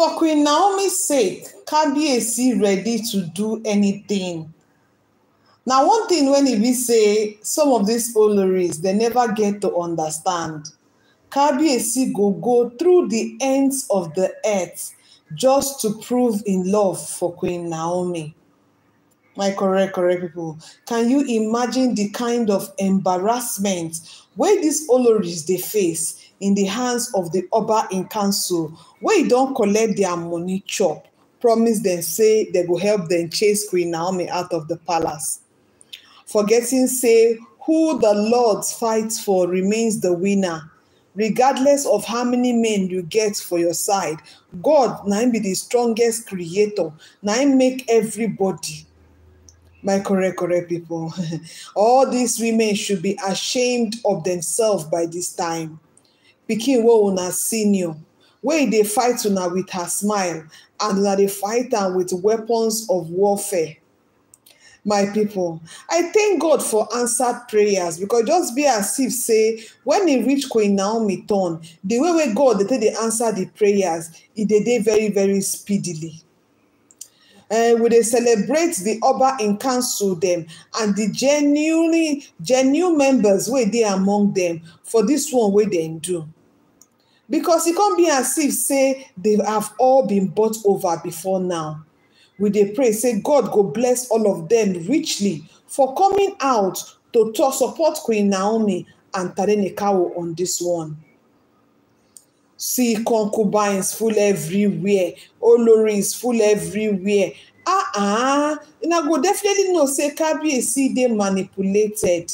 For Queen Naomi's sake, Kabiesi ready to do anything. Now, one thing when we say some of these Oloris, they never get to understand. Kabiesi go go through the ends of the earth just to prove in love for Queen Naomi. My correct, correct people. Can you imagine the kind of embarrassment where these Oloris they face in the hands of the Oba in council wey don collect their money chop, promise dem say dem go help dem chase Queen Naomi out of the palace. Forgetting say who the Lord fights for remains the winner. Regardless of how many men you get for your side, God na him be the strongest creator, na him make everybody. my correct correct people all these women should be ashamed of themselves by this time pikin wey una senior wey dey fight una with her smile and una dey fight am with weapons of warfare my people i thank god for answered prayers because just be as if say when e reach queen naomi turn the way wey god dey take dey answer the prayers e dey dey very very speedily uh, we dey celebrate the oba in council dem and the genuinely genuine members wey dey among dem for this one wey dem do because can't be as if say they have all been bought over before now we a pray say god go bless all of them richly for coming out to support queen naomi and tadenikawo on this one see concubines full everywhere oloris full everywhere ah ah una go definitely know say see they manipulated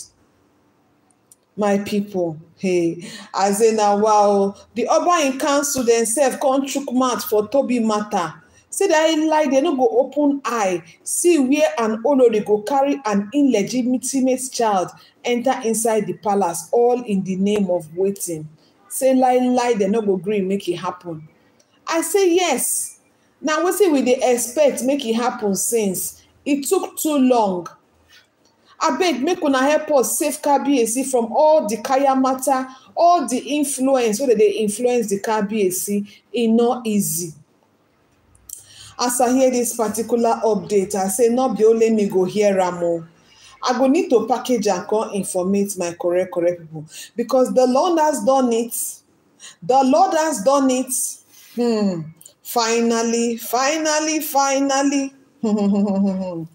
my people. Hey, as in a uh, while, the urban in council themselves come chook mouth for Toby matter. Say that lie, they no go open eye. See where an Olori go carry an illegitimate child enter inside the palace, all in the name of waiting. Say lie, lie, they no go green, make it happen. I say yes. Now we say we they expect make it happen since it took too long. I beg, make una help us save kbac from all the kaya matter all the influence wey dey dey influence the kbac It' no easy as i hear this particular update i say no be only me go hear Ramo. I go need to package and come informate my correct correct people because the lord has done it the lord has done it hmm finally finally finally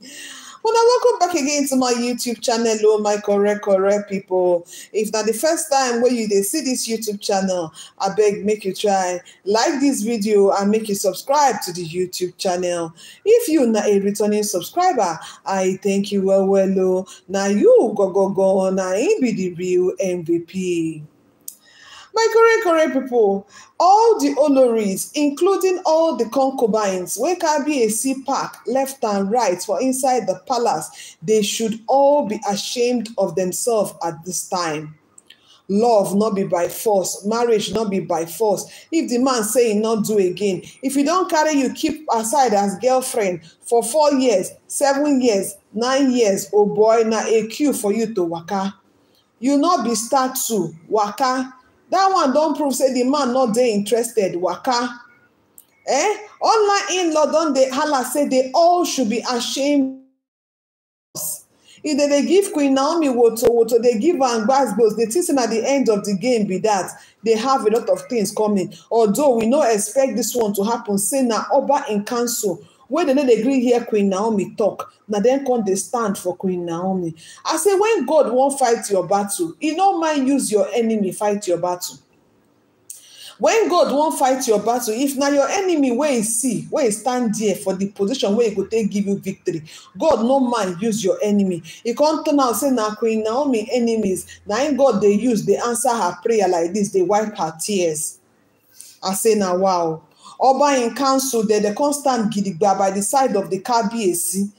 Well, now welcome back again to my YouTube channel, oh my correct, correct people. If not the first time where you they see this YouTube channel, I beg make you try like this video and make you subscribe to the YouTube channel. If you not a returning subscriber, I thank you well well oh. Now you go go go, now be the real MVP. My correct, correct people, all the honorees, including all the concubines, where sea Park, left and right, for inside the palace, they should all be ashamed of themselves at this time. Love not be by force, marriage not be by force. If the man say not do again, if you don't carry you keep aside as girlfriend for four years, seven years, nine years, oh boy, na a cue for you to waka. You not be start to waka that one don't prove say the man not they interested waka eh online in law don't they? hala say they all should be ashamed if they give queen naomi woto woto they give am gbasgbos dey think say at the end of the game be that they have a lot of things coming although we not expect this one to happen say now oba in council when they didn't agree here, queen naomi talk. Now they come not stand for queen naomi i say when god won't fight your battle e no mind use your enemy fight your battle When god won't fight your battle if now your enemy where is he see wey stand there for the position where he could take give you victory god no man use your enemy can't turn out say now queen naomi enemies Now in god they use they answer her prayer like this. They wipe her tears i say now wow Oba in council, the the constant gidigba by the side of the KBAC.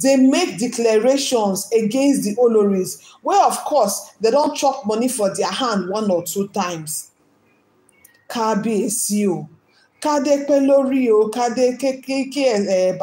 They make declarations against the Oloris, where, of course, they don't chop money for their hand one or two times. kábíyèsí o kádé pẹ́ kádé kékeré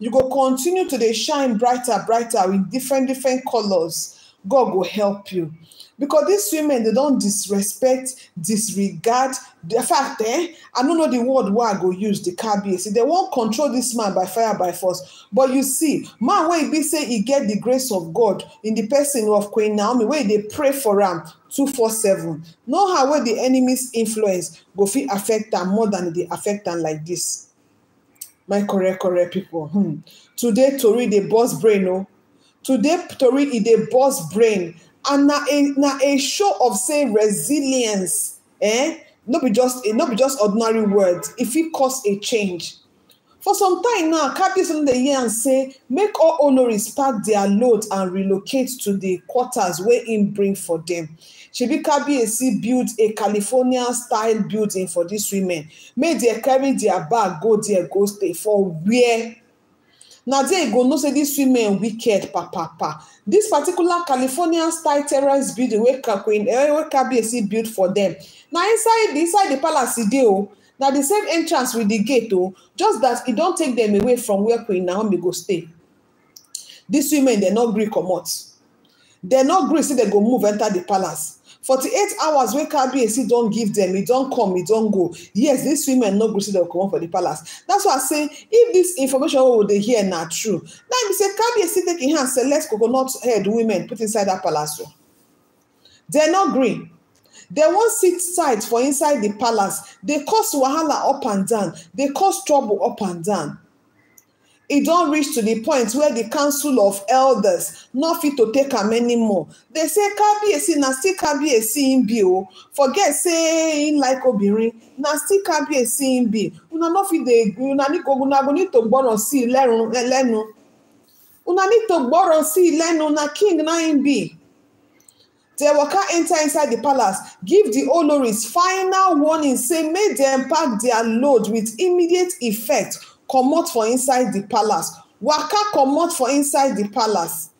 you go continue to shine brighter brighter with different different colours God will help you because these women they don't disrespect disregard the fact eh i don't know the word wey i go use the kbc they won't control this man by fire by force but you see man way be say he get the grace of god in the person of queen naomi where they pray for for 247 know how wey the enemy's influence go feel affect them more than the affect them like this my correct correct people hmm. today tori they boss brain oh. today tori is dey boss brain and na a na a show of say resilience eh no be just no be just ordinary words e fit cause a change for some time now kabiyesi don dey yarn say make all honorees pack their load and relocate to the quarters wey im bring for dem shebi kabiyesi build a california style building for dis women make dey carry their bag go there go stay for where Now there you go no say dis women wicked papa papa. This particular california style terrace building wey kabiyesi eh, built for them. Now inside inside the palace e deal. Oh. Now the same entrance with the gate Oh, just that it e don't take them away from where queen naomi go stay These women dem no gree comot dem not gree say they go move enter the palace 48 hours wey do don give dem e don come e don go yes dis women no gree say dem comot for di palace that's why i say if dis information wey we dey hear na true na be say kabiyesi take im hand select coconut head women put inside dat palace o dem no gree dem wan sit tight for inside di palace dey cause wahala up and down dey cause trouble up and down It e don reach to the point where the council of elders no fit to take am anymore They say kabiyesi na still kabiyesi im be o forget say im like obìnrin na still kabiyesi im be una no fit dey una ni una go need to gbọ́ràn sí i eh, lẹ́nu una need to gbọ́ràn sí i na king na im be dem waka enter inside di palace give di oloris final warning say make dem pack dia load with immediate effect comot for inside di palace waka comot for inside di palace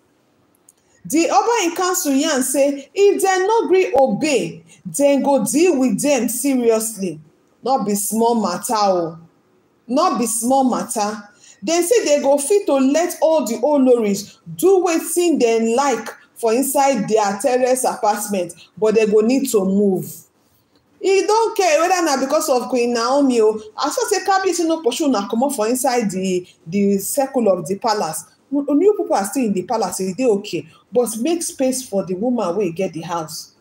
di oba in council yarn say if dem no gree obey dem go deal with dem seriously no be small mata o no be small mata dem say dem go fit to let all di oloris do wetin dem like for inside dia terrace apartment but dem go need to move don't care whether na because of queen naomi o as far say kabiyesi no pursue una comot for inside the the circle of the palace new people are still in the palace e dey okay but make space for the woman wey get the house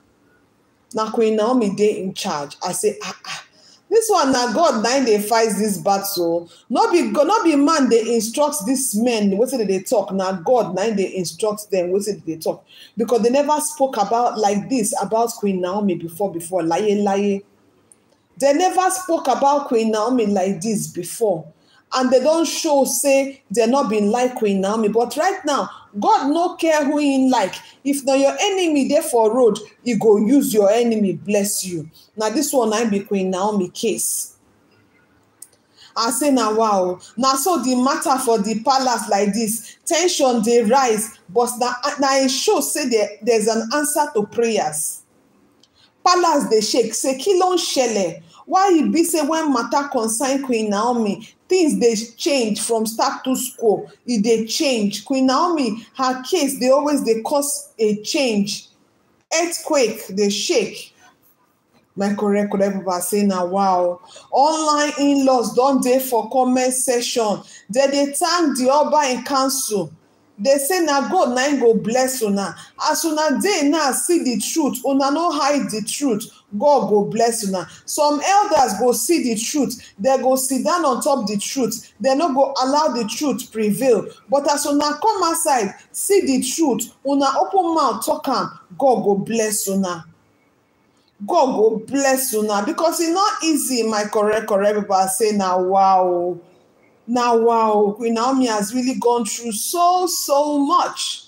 na queen naomi dey in charge i say ah ah this one now god nine they fight this battle not be not be man they instruct this men what did they talk now god nine they instruct them what did they talk because they never spoke about like this about queen naomi before before laye laye they never spoke about queen naomi like this before and they don't show say they're not been like queen naomi but right now god no care who in like if now your enemy there for road e go use your enemy bless you Now this one I be queen naomi case I say now wow Now so the matter for the palace like this tension they rise but now e show say there's an answer to prayers palace they shake say kí ló why e be say when matter concern queen naomi things they change from status quo e dey change queen naomi her case dey always dey cause a change earthquake dey shake michael record everybody say na wow online in-laws don dey for comment section dem dey thank di oba in council dey say na god na im go bless una as una dey now see di truth una no hide di truth god go bless you now. some elders go see the truth They go sit down on top the truth They no go allow the truth prevail but as now come outside see the truth una open mouth talk am god go bless you now. god go bless you now. because it's not easy my correct correct pipo say now. wow now wow queen naomi has really gone through so so much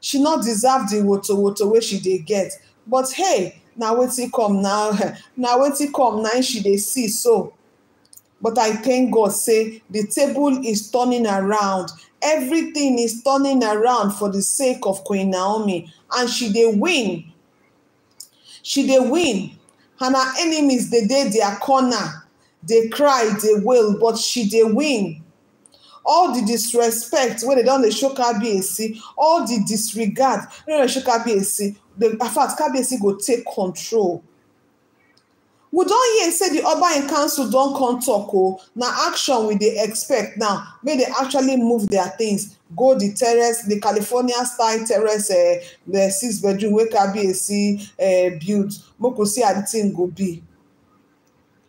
she not deserve the water, water where she they get but hey na wetin come now na wetin come now she dey see so but i thank god say the table is turning around everything is turning around for the sake of queen naomi and she dey win she dey win and her enemies dey dey their corner dey cry dey wail but she dey win all the disrespect wey dem don dey show kabiyesi all the disregard wey dem dey show kabiyesi the in fact kabiyesi go take control we don hear say the oba in council don come tok o na action we dey expect now make dem actually move their things go the terrace the california style terrace uh, the six bedroom wey kabiyesi uh, build make we see how the thing go be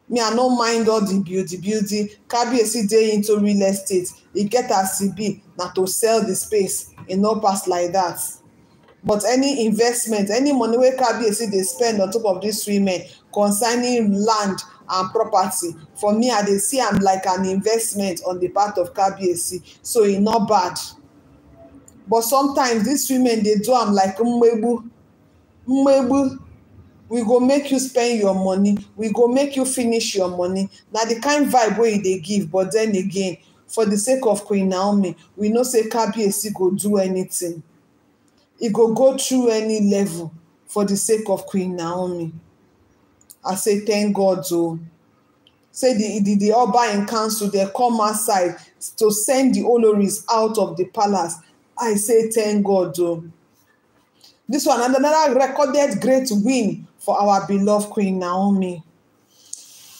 me i no mind all the beauty, beauty. kabiyesi dey into real estate e get as e be na to sell the space e no pass like that but any investment any money wey kabiyesi dey spend on top of these women concerning land and property for me i dey see am like an investment on the part of kabiyesi so e no bad but sometimes these women dey do am like mmegbu mmegbu we go make you spend your money we go make you finish your money Now the kind vibe wey they give but then again for the sake of queen naomi we know say KBC go do anything It go go through any level for the sake of queen naomi i say thank god oh. say the the the oba in council they come outside to send the oloris out of the palace i say thank god Oh. this one another recorded great win for our beloved Queen Naomi.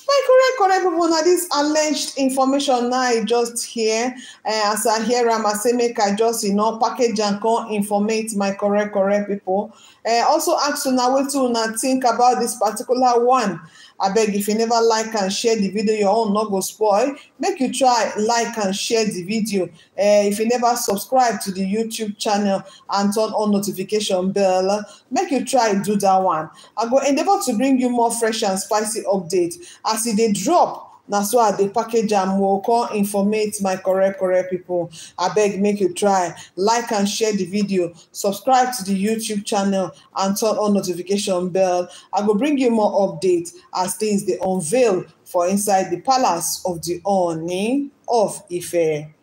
my correct correct people. na dis alleged information na i just hear eh, as i hear I'm a say just you know package and come informate my correct correct pipo eh, also ask now wetin una think about this particular one I beg if you never like and share the video your own not go spoil make you try like and share the video eh, if you never subscribe to the youtube channel and turn on notification bell make you try do that one i go endeavor to bring you more fresh and spicy updates as e dey drop na so i dey package am o come informate my correct correct pipo abeg make you try like and share the video subscribe to the youtube channel and turn on notification bell i go bring you more updates as things dey unveil for inside the palace of the Oni of ife